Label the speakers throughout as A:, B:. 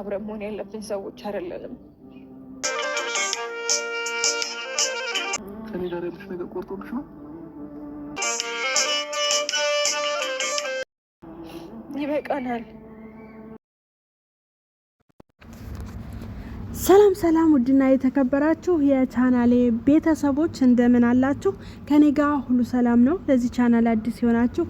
A: አብረን መሆን ያለብን ሰዎች አይደለንም።
B: ከኔ ጋር ያለሽ ነገር ቆርጦልሽ ነው?
A: ይበቃናል። ሰላም ሰላም፣ ውድና የተከበራችሁ የቻናሌ ቤተሰቦች እንደምን አላችሁ? ከኔ ጋር ሁሉ ሰላም ነው። ለዚህ ቻናል አዲስ የሆናችሁ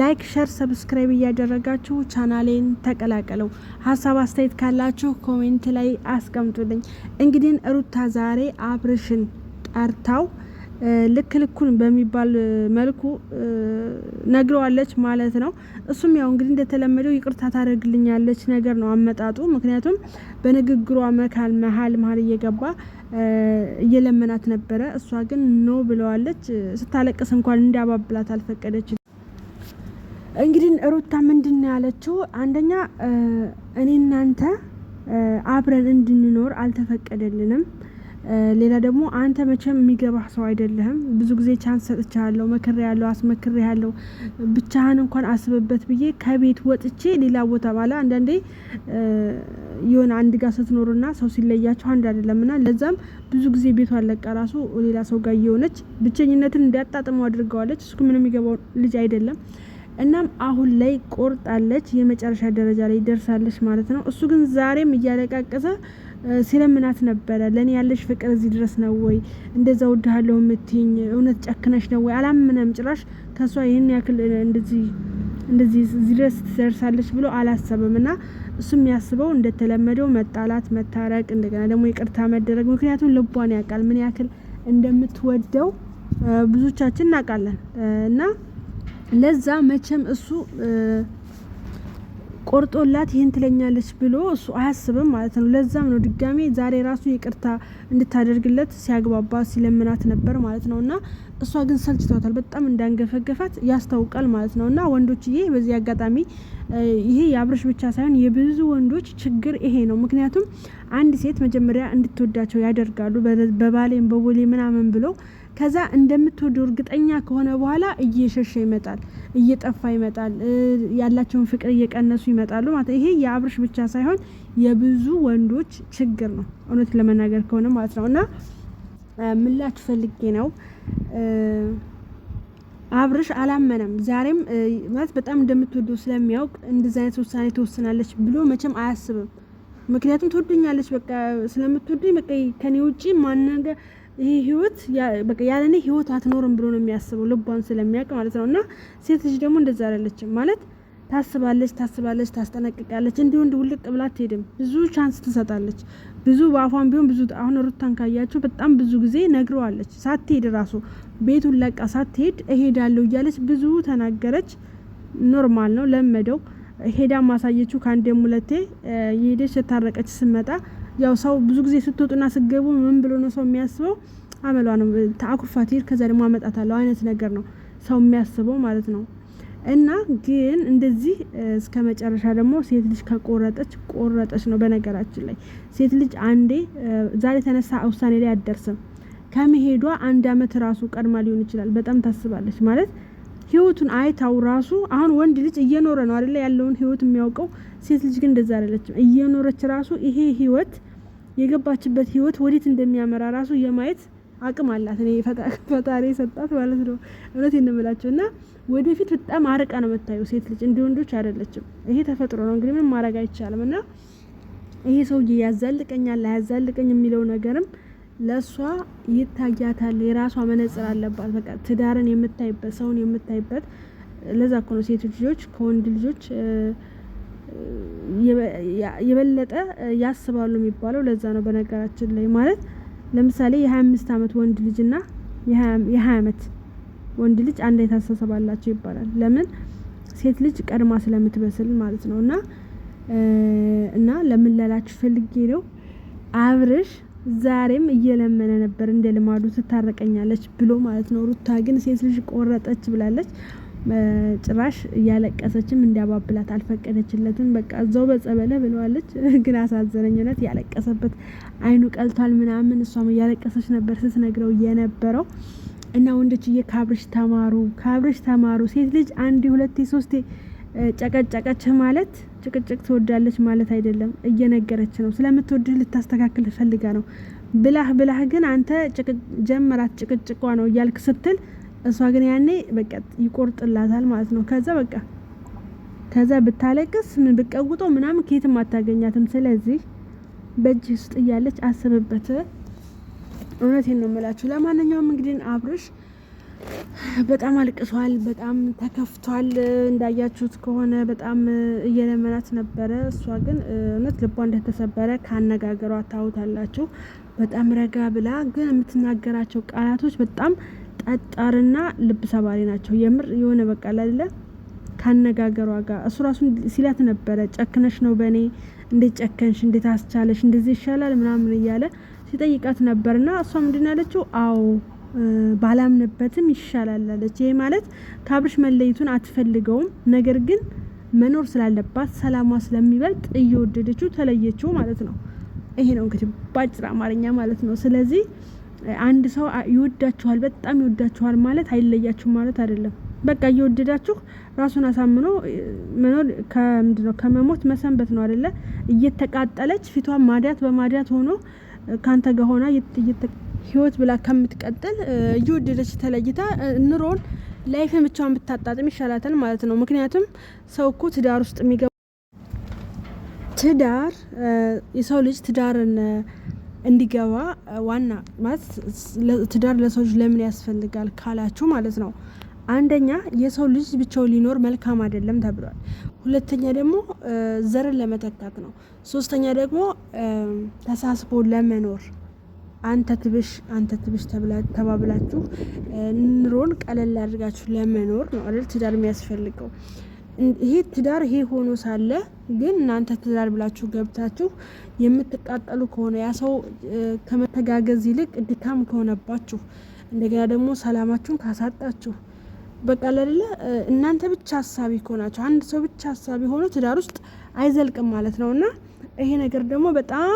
A: ላይክ፣ ሸር፣ ሰብስክራይብ እያደረጋችሁ ቻናሌን ተቀላቀለው። ሀሳብ አስተያየት ካላችሁ ኮሜንት ላይ አስቀምጡልኝ። እንግዲህ ሩታ ዛሬ አብርሽን ጠርታው ልክ ልኩን በሚባል መልኩ ነግረዋለች ማለት ነው። እሱም ያው እንግዲህ እንደተለመደው ይቅርታ ታደርግልኛለች ነገር ነው አመጣጡ። ምክንያቱም በንግግሯ መካል መሀል መሀል እየገባ እየለመናት ነበረ። እሷ ግን ኖ ብለዋለች። ስታለቅስ እንኳን እንዲያባብላት አልፈቀደች። እንግዲህ ሩታ ምንድን ነው ያለችው? አንደኛ እኔ እናንተ አብረን እንድንኖር አልተፈቀደልንም። ሌላ ደግሞ አንተ መቼም የሚገባህ ሰው አይደለህም። ብዙ ጊዜ ቻንስ ሰጥቻለሁ፣ መክሬ ያለው አስመክሬ ያለው ብቻህን እንኳን አስብበት ብዬ ከቤት ወጥቼ ሌላ ቦታ ባለ አንዳንዴ የሆነ አንድ ጋር ስትኖሩና ሰው ሲለያቸው አንድ አይደለምና ና ለዛም ብዙ ጊዜ ቤቷ አለቃ ራሱ ሌላ ሰው ጋር እየሆነች ብቸኝነትን እንዲያጣጥመው አድርገዋለች። እሱ ምንም የሚገባው ልጅ አይደለም። እናም አሁን ላይ ቆርጣለች፣ የመጨረሻ ደረጃ ላይ ደርሳለች ማለት ነው። እሱ ግን ዛሬም እያለቃቀሰ ሲለምናት ነበረ። ለእኔ ያለሽ ፍቅር እዚህ ድረስ ነው ወይ? እንደዛ ውድሃለሁ የምትኝ እውነት ጨክነሽ ነው ወይ? አላምነም ጭራሽ ከእሷ ይህን ያክል እንደዚህ እንደዚህ እዚህ ድረስ ትደርሳለች ብሎ አላሰበም። እና እሱ የሚያስበው እንደተለመደው መጣላት፣ መታረቅ፣ እንደገና ደግሞ ይቅርታ መደረግ። ምክንያቱም ልቧን ያውቃል ምን ያክል እንደምትወደው ብዙዎቻችን እናውቃለን እና ለዛ መቼም እሱ ቆርጦላት ይህን ትለኛለች ብሎ እሱ አያስብም ማለት ነው። ለዛም ነው ድጋሜ ዛሬ ራሱ ይቅርታ እንድታደርግለት ሲያግባባ ሲለምናት ነበር ማለት ነው። እና እሷ ግን ሰልችቷታል፣ በጣም እንዳንገፈገፋት ያስታውቃል ማለት ነው። እና ይሄ በዚህ አጋጣሚ ይሄ የአብርሽ ብቻ ሳይሆን የብዙ ወንዶች ችግር ይሄ ነው። ምክንያቱም አንድ ሴት መጀመሪያ እንድትወዳቸው ያደርጋሉ በባሌም በቦሌ ምናምን ብለው ከዛ እንደምትወዱ እርግጠኛ ከሆነ በኋላ እየሸሸ ይመጣል፣ እየጠፋ ይመጣል፣ ያላቸውን ፍቅር እየቀነሱ ይመጣሉ ማለት ነው። ይሄ የአብርሽ ብቻ ሳይሆን የብዙ ወንዶች ችግር ነው፣ እውነት ለመናገር ከሆነ ማለት ነው። እና ምላች ፈልጌ ነው አብርሽ አላመነም። ዛሬም ማለት በጣም እንደምትወደው ስለሚያውቅ እንደዚህ አይነት ውሳኔ ትወስናለች ብሎ መቼም አያስብም። ምክንያቱም ትወዱኛለች፣ በቃ ስለምትወዱኝ በቃ ከኔ ውጪ ማናገር ይህ ህይወት በቃ ያለኔ ህይወት አትኖርም ብሎ ነው የሚያስበው ልቧን ስለሚያውቅ ማለት ነው። እና ሴት ልጅ ደግሞ እንደዛ አይደለችም ማለት ታስባለች፣ ታስባለች፣ ታስጠነቅቃለች። እንዲሁ እንዲ ውልቅ ብላ አትሄድም። ብዙ ቻንስ ትሰጣለች። ብዙ በአፏን ቢሆን ብዙ አሁን ሩታን ካያቸው በጣም ብዙ ጊዜ ነግረዋለች። ሳትሄድ ራሱ ቤቱን ለቃ ሳትሄድ እሄዳለሁ እያለች ብዙ ተናገረች። ኖርማል ነው፣ ለመደው ሄዳ ማሳየችው። ከአንድ ሁለቴ የሄደች የታረቀች ስመጣ ያው ሰው ብዙ ጊዜ ስትወጡና ስገቡ ምን ብሎ ነው ሰው የሚያስበው? አመሏ ነው ተአኩፋቲር ከዛ ደግሞ አመጣታለሁ አይነት ነገር ነው ሰው የሚያስበው ማለት ነው። እና ግን እንደዚህ እስከ መጨረሻ ደግሞ ሴት ልጅ ከቆረጠች ቆረጠች ነው። በነገራችን ላይ ሴት ልጅ አንዴ ዛሬ ተነሳ ውሳኔ ላይ አደርስም። ከመሄዷ አንድ አመት ራሱ ቀድማ ሊሆን ይችላል። በጣም ታስባለች ማለት ህይወቱን አይታው ራሱ አሁን ወንድ ልጅ እየኖረ ነው አይደለ ያለውን ህይወት የሚያውቀው። ሴት ልጅ ግን እንደዛ አይደለችም። እየኖረች ራሱ ይሄ ህይወት የገባችበት ህይወት ወዴት እንደሚያመራ ራሱ የማየት አቅም አላት። እኔ ፈጣሪ የሰጣት ማለት ነው። እውነት እንምላቸው እና ወደፊት በጣም አርቃ ነው የምታየው ሴት ልጅ እንደ ወንዶች አይደለችም። ይሄ ተፈጥሮ ነው እንግዲህ ምንም ማድረግ አይቻልም። እና ይሄ ሰውዬ ያዛልቀኛል አያዛልቀኝ የሚለው ነገርም ለእሷ ይታያታል። የራሷ መነጽር አለባት። በቃ ትዳርን የምታይበት ሰውን የምታይበት ለዛ እኮ ነው ሴት ልጆች ከወንድ ልጆች የበለጠ ያስባሉ የሚባለው ለዛ ነው። በነገራችን ላይ ማለት ለምሳሌ የሀያ አምስት አመት ወንድ ልጅና የሀያ አመት ወንድ ልጅ አንድ የታሳሰብ አላቸው ይባላል። ለምን ሴት ልጅ ቀድማ ስለምትበስል ማለት ነው። እና እና ለምን ላላችሁ ፈልጌ ነው አብርሽ ዛሬም እየለመነ ነበር እንደ ልማዱ ትታረቀኛለች ብሎ ማለት ነው። ሩታ ግን ሴት ልጅ ቆረጠች ብላለች። ጭራሽ እያለቀሰችም እንዲያባብላት አልፈቀደችለትም። በቃ እዛው በጸበለ ብለዋለች። ግን አሳዘነኝ እውነት ያለቀሰበት አይኑ ቀልቷል ምናምን። እሷም እያለቀሰች ነበር ስትነግረው የነበረው እና ወንዶችዬ ካብርሽ ተማሩ፣ ካብርሽ ተማሩ። ሴት ልጅ አንዴ ሁለቴ ሶስቴ ጨቀጨቀች ማለት ጭቅጭቅ ትወዳለች ማለት አይደለም፣ እየነገረች ነው። ስለምትወድህ ልታስተካክል ፈልጋ ነው። ብላህ ብላህ ግን አንተ ጀመራት ጭቅጭቋ ነው እያልክ ስትል እሷ ግን ያኔ በቃ ይቆርጥላታል ማለት ነው። ከዛ በቃ ከዛ ብታለቅስ ምን ብቀውጦ ምናምን ከየትም አታገኛትም። ስለዚህ በእጅ ውስጥ እያለች አስብበት። እውነቴን ነው የምላችሁ። ለማንኛውም እንግዲህ አብርሽ በጣም አልቅሷል። በጣም ተከፍቷል። እንዳያችሁት ከሆነ በጣም እየለመናት ነበረ። እሷ ግን እውነት ልቧ እንደተሰበረ ካነጋገሯ ታውታላችሁ። በጣም ረጋ ብላ ግን የምትናገራቸው ቃላቶች በጣም ጠጣርና ልብ ሰባሪ ናቸው። የምር የሆነ በቃ ላለ ካነጋገሯ ጋር እሱ ራሱን ሲላት ነበረ። ጨክነሽ ነው በእኔ እንዴት ጨከንሽ? እንዴት አስቻለሽ? እንደዚህ ይሻላል ምናምን እያለ ሲጠይቃት ነበርና እሷ ምንድን ያለችው አዎ ባላምንበትም ይሻላል አለች። ይሄ ማለት ከአብርሽ መለየቱን አትፈልገውም፣ ነገር ግን መኖር ስላለባት ሰላሟ ስለሚበልጥ እየወደደችው ተለየችው ማለት ነው። ይሄ ነው እንግዲህ ባጭር አማርኛ ማለት ነው። ስለዚህ አንድ ሰው ይወዳችኋል፣ በጣም ይወዳችኋል ማለት አይለያችሁ ማለት አይደለም። በቃ እየወደዳችሁ ራሱን አሳምኖ መኖር ከምንድን ከመሞት መሰንበት ነው አይደለ? እየተቃጠለች ፊቷ ማዲያት በማዲያት ሆኖ ካንተ ጋር ሆና ህይወት ብላ ከምትቀጥል እየወደደች ተለይታ ኑሮን ላይፍን ብቻዋን ብታጣጥም ይሻላታል ማለት ነው። ምክንያቱም ሰው እኮ ትዳር ውስጥ የሚገባ ትዳር የሰው ልጅ ትዳርን እንዲገባ ዋና ማለት ትዳር ለሰው ልጅ ለምን ያስፈልጋል ካላችሁ ማለት ነው አንደኛ የሰው ልጅ ብቻው ሊኖር መልካም አይደለም ተብሏል። ሁለተኛ ደግሞ ዘርን ለመተካት ነው። ሶስተኛ ደግሞ ተሳስቦ ለመኖር አንተ ትብሽ አንተ ትብሽ ተባብላችሁ ኑሮን ቀለል አድርጋችሁ ለመኖር ነው አይደል ትዳር የሚያስፈልገው። ይሄ ትዳር ይሄ ሆኖ ሳለ ግን እናንተ ትዳር ብላችሁ ገብታችሁ የምትቃጠሉ ከሆነ ያ ሰው ከመተጋገዝ ይልቅ ድካም ከሆነባችሁ እንደገና ደግሞ ሰላማችሁን ካሳጣችሁ በቃ ለሌለ እናንተ ብቻ ሀሳቢ ከሆናችሁ አንድ ሰው ብቻ ሀሳቢ ሆኖ ትዳር ውስጥ አይዘልቅም ማለት ነው እና ይሄ ነገር ደግሞ በጣም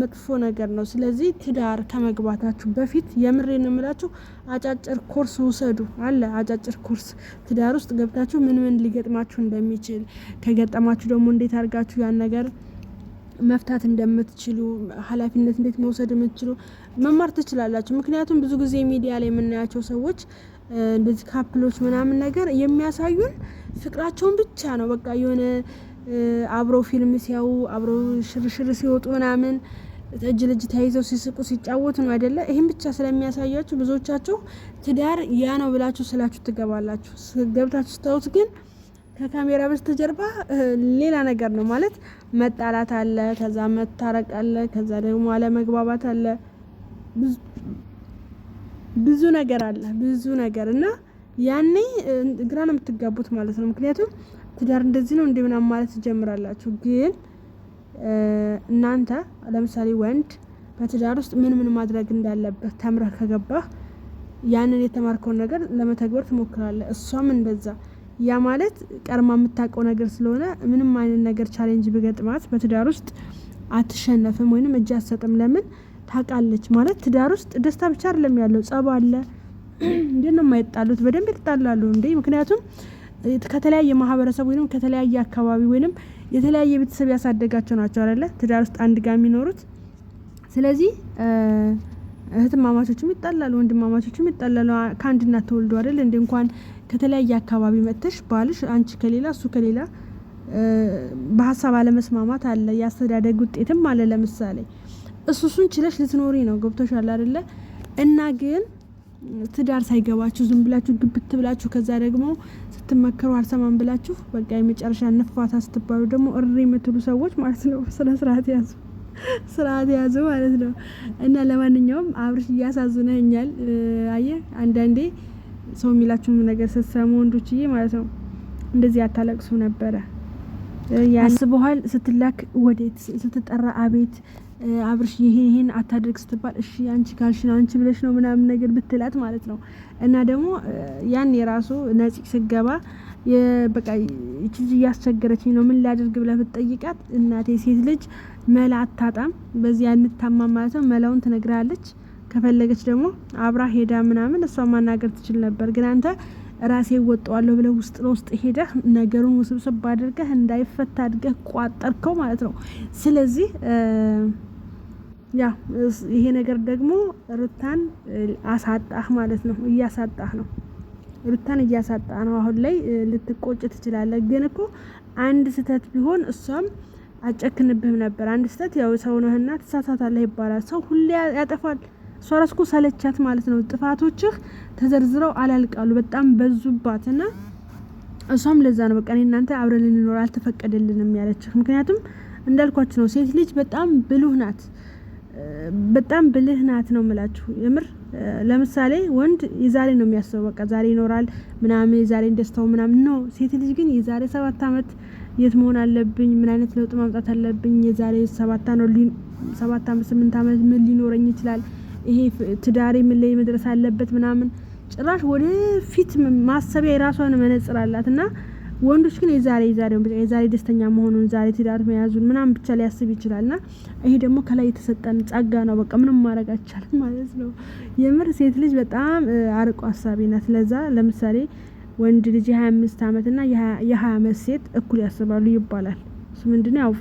A: መጥፎ ነገር ነው። ስለዚህ ትዳር ከመግባታችሁ በፊት ነው የምላችሁ አጫጭር ኮርስ ውሰዱ አለ አጫጭር ኮርስ ትዳር ውስጥ ገብታችሁ ምን ምን ሊገጥማችሁ እንደሚችል ከገጠማችሁ ደግሞ እንዴት አድርጋችሁ ያን ነገር መፍታት እንደምትችሉ ኃላፊነት እንዴት መውሰድ የምትችሉ መማር ትችላላችሁ። ምክንያቱም ብዙ ጊዜ ሚዲያ ላይ የምናያቸው ሰዎች እንደዚህ ካፕሎች ምናምን ነገር የሚያሳዩን ፍቅራቸውን ብቻ ነው በቃ የሆነ አብረው ፊልም ሲያዩ አብረው ሽርሽር ሲወጡ ምናምን እጅ ለእጅ ተያይዘው ሲስቁ ሲጫወቱ ነው አይደለ? ይህም ብቻ ስለሚያሳያችሁ ብዙዎቻችሁ ትዳር ያ ነው ብላችሁ ስላችሁ ትገባላችሁ። ገብታችሁ ስታዩት ግን ከካሜራ በስተጀርባ ሌላ ነገር ነው ማለት መጣላት አለ፣ ከዛ መታረቅ አለ፣ ከዛ ደግሞ አለመግባባት አለ፣ ብዙ ነገር አለ፣ ብዙ ነገር እና ያኔ ግራ ነው የምትጋቡት ማለት ነው ምክንያቱም ትዳር እንደዚህ ነው እንደ ምናምን ማለት ትጀምራላችሁ። ግን እናንተ ለምሳሌ ወንድ በትዳር ውስጥ ምን ምን ማድረግ እንዳለበት ተምረህ ከገባህ ያንን የተማርከውን ነገር ለመተግበር ትሞክራለህ። እሷም እንደዛ። ያ ማለት ቀርማ የምታውቀው ነገር ስለሆነ ምንም አይነት ነገር ቻሌንጅ ብገጥማት በትዳር ውስጥ አትሸነፍም ወይንም እጅ አትሰጥም። ለምን ታውቃለች። ማለት ትዳር ውስጥ ደስታ ብቻ አይደለም ያለው፣ ጸብ አለ። እንዴት ነው የማይጣሉት? በደንብ ይጣላሉ እንዴ! ምክንያቱም ከተለያየ ማህበረሰብ ወይም ከተለያየ አካባቢ ወይም የተለያየ ቤተሰብ ያሳደጋቸው ናቸው አለ ትዳር ውስጥ አንድ ጋር የሚኖሩት ስለዚህ እህትማማቾችም ይጣላሉ፣ ወንድማማቾችም ይጣላሉ። ከአንድ እናት ተወልዶ አይደል እንደ እንኳን ከተለያየ አካባቢ መጥተሽ ባልሽ አንቺ ከሌላ እሱ ከሌላ በሀሳብ አለመስማማት አለ። የአስተዳደግ ውጤትም አለ። ለምሳሌ እሱሱን ችለሽ ልትኖሪ ነው። ገብቶሻል አይደለ? እና ግን ትዳር ሳይገባችሁ ዝም ብላችሁ ግብት ብላችሁ ከዛ ደግሞ ስትመከሩ አልሰማም ብላችሁ በቃ የመጨረሻ ነፋታ ስትባሉ ደግሞ እሪ የምትሉ ሰዎች ማለት ነው። ስለ ስርዓት ያዙ፣ ስርዓት ያዙ ማለት ነው። እና ለማንኛውም አብርሽ እያሳዝነኛል። አየ አንዳንዴ ሰው የሚላችሁም ነገር ስትሰሙ ወንዶችዬ ማለት ነው እንደዚህ ያታለቅሱ ነበረ። ያስበኋል ስትላክ ወዴት ስትጠራ አቤት አብርሽ ይሄ ይሄን አታድርግ ስትባል እሺ አንቺ ካልሽ ነው አንቺ ብለሽ ነው ምናምን ነገር ብትላት ማለት ነው። እና ደግሞ ያን የራሱ ነፂ ስገባ በቃ ይቺ እያስቸገረችኝ ነው ምን ላድርግ ብለህ ብትጠይቃት እናቴ ሴት ልጅ መላ አታጣም፣ በዚህ አንታማ ማለት ነው። መላውን ትነግራለች። ከፈለገች ደግሞ አብራ ሄዳ ምናምን እሷ ማናገር ትችል ነበር ግን አንተ ራሴ እወጣዋለሁ ብለ ውስጥ ለውስጥ ሄደህ ነገሩን ውስብስብ አድርገህ እንዳይፈታ አድርገህ ቋጠርከው ማለት ነው። ስለዚህ ያ ይሄ ነገር ደግሞ ሩታን አሳጣህ ማለት ነው፣ እያሳጣህ ነው ሩታን እያሳጣ ነው። አሁን ላይ ልትቆጭ ትችላለህ፣ ግን እኮ አንድ ስህተት ቢሆን እሷም አጨክንብህም ነበር። አንድ ስህተት ያው ሰው ነህና ትሳሳታለህ ይባላል። ሰው ሁሌ ያጠፋል። እሷ እኮ ሰለቻት ማለት ነው። ጥፋቶችህ ተዘርዝረው አላልቃሉ በጣም በዙባትና እሷም ለዛ ነው በቃ እናንተ አብረን ልንኖር አልተፈቀደልንም ያለችህ። ምክንያቱም እንዳልኳችሁ ነው ሴት ልጅ በጣም ብልህ ናት፣ በጣም ብልህ ናት ነው ምላችሁ የምር ለምሳሌ ወንድ የዛሬ ነው የሚያስበው፣ በቃ ዛሬ ይኖራል ምናምን የዛሬ እንደስተው ምናምን ነው። ሴት ልጅ ግን የዛሬ ሰባት አመት የት መሆን አለብኝ፣ ምን አይነት ለውጥ ማምጣት አለብኝ፣ የዛሬ ሰባት ነው ሰባት አመት ስምንት አመት ምን ሊኖረኝ ይችላል ይሄ ትዳሬ ምን ላይ መድረስ አለበት ምናምን ጭራሽ ወደፊት ማሰቢያ የራሷን መነጽር አላት እና ወንዶች ግን የዛሬ የዛሬውን ብቻ የዛሬ ደስተኛ መሆኑን ዛሬ ትዳር መያዙን ምናምን ብቻ ሊያስብ ይችላል ና ይሄ ደግሞ ከላይ የተሰጠን ጸጋ ነው። በቃ ምንም ማድረግ አይቻልም ማለት ነው። የምር ሴት ልጅ በጣም አርቆ አሳቢ ናት። ለዛ ለምሳሌ ወንድ ልጅ የሀያ አምስት አመት ና የሀያ አመት ሴት እኩል ያስባሉ ይባላል። እሱ ምንድነው ያው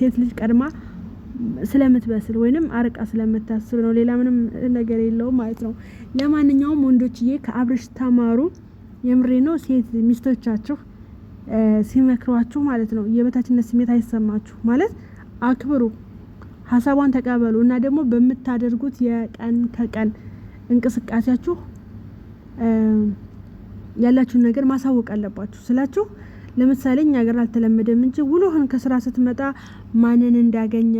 A: ሴት ልጅ ቀድማ ስለምትበስል ወይንም አርቃ ስለምታስብ ነው። ሌላ ምንም ነገር የለውም ማለት ነው። ለማንኛውም ወንዶችዬ ከአብርሽ ተማሩ። የምሬ ነው። ሴት ሚስቶቻችሁ ሲመክሯችሁ ማለት ነው የበታችነት ስሜት አይሰማችሁ ማለት አክብሩ፣ ሀሳቧን ተቀበሉ እና ደግሞ በምታደርጉት የቀን ከቀን እንቅስቃሴያችሁ ያላችሁን ነገር ማሳወቅ አለባችሁ ስላችሁ ለምሳሌ እኛ ሀገር አልተለመደም እንጂ ውሎህን ከስራ ስትመጣ ማንን እንዳገኘ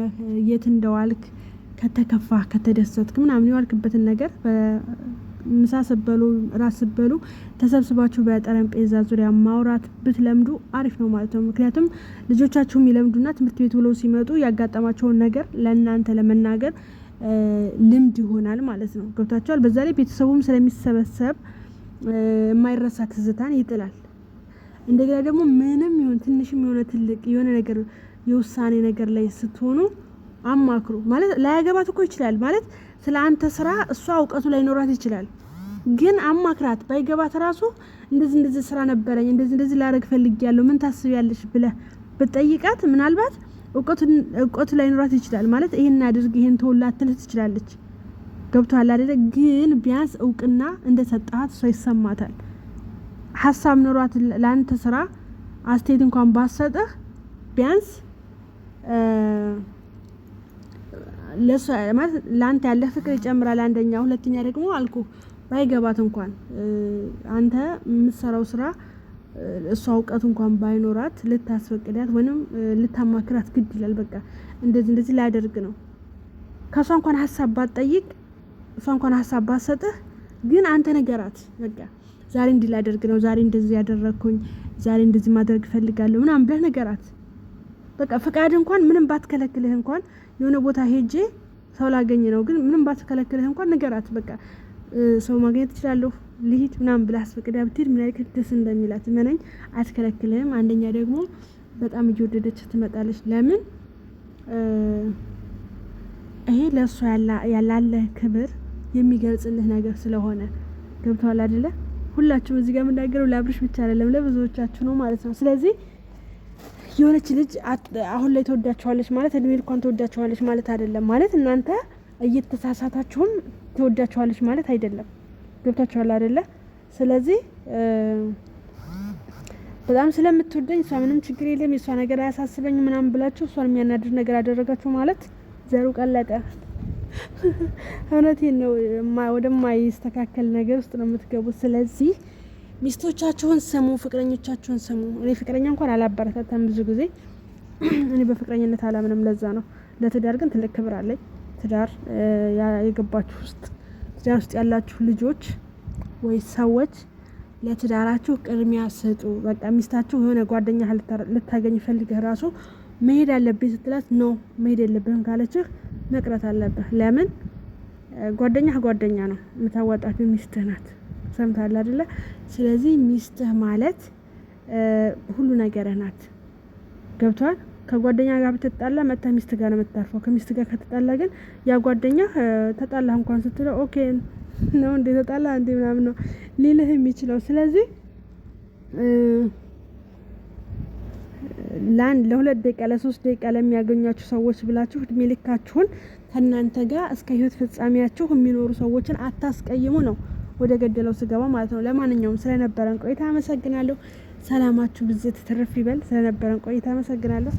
A: የት እንደዋልክ ከተከፋ ከተደሰትክ ምናምን የዋልክበትን ነገር ምሳ ስበሉ ራስ ስበሉ ተሰብስባችሁ በጠረጴዛ ዙሪያ ማውራት ብትለምዱ አሪፍ ነው ማለት ነው። ምክንያቱም ልጆቻችሁም ይለምዱና ትምህርት ቤት ብለው ሲመጡ ያጋጠማቸውን ነገር ለእናንተ ለመናገር ልምድ ይሆናል ማለት ነው። ገብታችኋል። በዛ ላይ ቤተሰቡም ስለሚሰበሰብ የማይረሳ ትዝታን ይጥላል። እንደገና ደግሞ ምንም ይሁን ትንሽም የሆነ ትልቅ የሆነ ነገር የውሳኔ ነገር ላይ ስትሆኑ አማክሩ። ማለት ላያገባት እኮ ይችላል ማለት ስለ አንተ ስራ እሷ እውቀቱ ላይኖራት ይችላል። ግን አማክራት ባይገባት ራሱ እንደዚህ እንደዚህ ስራ ነበረኝ እንደዚህ እንደዚህ ላደርግ ያለው ምን ታስቢያለሽ ብለ ብትጠይቃት ምናልባት እውቀቱ ላይኖራት ይችላል። ማለት ይሄን አድርግ ይሄን ተወላት ትልህ ትችላለች። ገብቷል አደለ? ግን ቢያንስ እውቅና እንደሰጣት እሷ ይሰማታል። ሀሳብ ኖሯት ለአንተ ስራ አስቴት እንኳን ባሰጥህ ቢያንስ ለአንተ ያለ ፍቅር ይጨምራል። አንደኛ፣ ሁለተኛ ደግሞ አልኩ ባይገባት እንኳን አንተ የምትሰራው ስራ እሷ እውቀት እንኳን ባይኖራት ልታስፈቅዳት ወይም ልታማክራት ግድ ይላል። በቃ እንደዚህ እንደዚህ ላያደርግ ነው ከእሷ እንኳን ሀሳብ ባትጠይቅ እሷ እንኳን ሀሳብ ባትሰጥህ፣ ግን አንተ ነገራት በቃ ዛሬ እንዲህ ላደርግ ነው፣ ዛሬ እንደዚህ ያደረግኩኝ፣ ዛሬ እንደዚህ ማድረግ እፈልጋለሁ ምናምን ብለህ ነገራት። በቃ ፈቃድ እንኳን ምንም ባትከለክልህ እንኳን የሆነ ቦታ ሄጄ ሰው ላገኝ ነው፣ ግን ምንም ባትከለክልህ እንኳን ነገራት። በቃ ሰው ማግኘት እችላለሁ ልሂድ ምናምን ብለህ አስፈቅዳ ብትሄድ ምን ያክል ደስ እንደሚላት መነኝ። አትከለክልህም። አንደኛ ደግሞ በጣም እየወደደች ትመጣለች። ለምን ይሄ ለእሱ ያላለህ ክብር የሚገልጽልህ ነገር ስለሆነ ገብቷል አይደለ? ሁላችሁም እዚህ ጋር የምናገረው ለአብርሽ ብቻ አይደለም፣ ለብዙዎቻችሁ ነው ማለት ነው። ስለዚህ የሆነች ልጅ አሁን ላይ ተወዳችኋለች ማለት እድሜ ልኳን ተወዳችኋለች ማለት አይደለም። ማለት እናንተ እየተሳሳታችሁም ተወዳችኋለች ማለት አይደለም። ገብታችኋል አይደለ? ስለዚህ በጣም ስለምትወደኝ እሷ ምንም ችግር የለም የእሷ ነገር አያሳስበኝ ምናምን ብላችሁ እሷን የሚያናድር ነገር አደረጋችሁ ማለት ዘሩ ቀለጠ። እውነቴን ነው። ወደማይስተካከል ነገር ውስጥ ነው የምትገቡት። ስለዚህ ሚስቶቻችሁን ስሙ፣ ፍቅረኞቻችሁን ስሙ። እኔ ፍቅረኛ እንኳን አላበረታታም ብዙ ጊዜ እኔ በፍቅረኝነት አላምንም። ለዛ ነው። ለትዳር ግን ትልቅ ክብር አለኝ። ትዳር የገባችሁ ውስጥ ትዳር ውስጥ ያላችሁ ልጆች ወይ ሰዎች ለትዳራችሁ ቅድሚያ ስጡ። በቃ ሚስታችሁ የሆነ ጓደኛ ልታገኝ ፈልገህ ራሱ መሄድ አለብኝ ስትላት ኖ መሄድ የለብህም ካለችህ መቅረት አለብህ። ለምን ጓደኛ ጓደኛ ነው፣ የምታዋጣት ሚስትህ ናት። ሰምታል አይደለ? ስለዚህ ሚስትህ ማለት ሁሉ ነገርህ ናት። ገብቷል? ከጓደኛ ጋር ብትጣላ መታ ሚስት ጋር ነው የምትታርፈው። ከሚስት ጋር ከተጣላ ግን ያ ጓደኛ ተጣላ እንኳን ስትለው ኦኬ ነው እንዴ ተጣላ እንዴ ምናምን ነው ሊልህ የሚችለው ስለዚህ ለአንድ ለሁለት ደቂቃ ለሶስት ደቂቃ ለሚያገኟችሁ ሰዎች ብላችሁ እድሜ ልካችሁን ከእናንተ ጋር እስከ ህይወት ፍጻሜያችሁ የሚኖሩ ሰዎችን አታስቀይሙ ነው ወደ ገደለው ስገባ ማለት ነው። ለማንኛውም ስለነበረን ቆይታ አመሰግናለሁ። ሰላማችሁ ብዝት ትርፍ ይበል። ስለነበረን ቆይታ አመሰግናለሁ።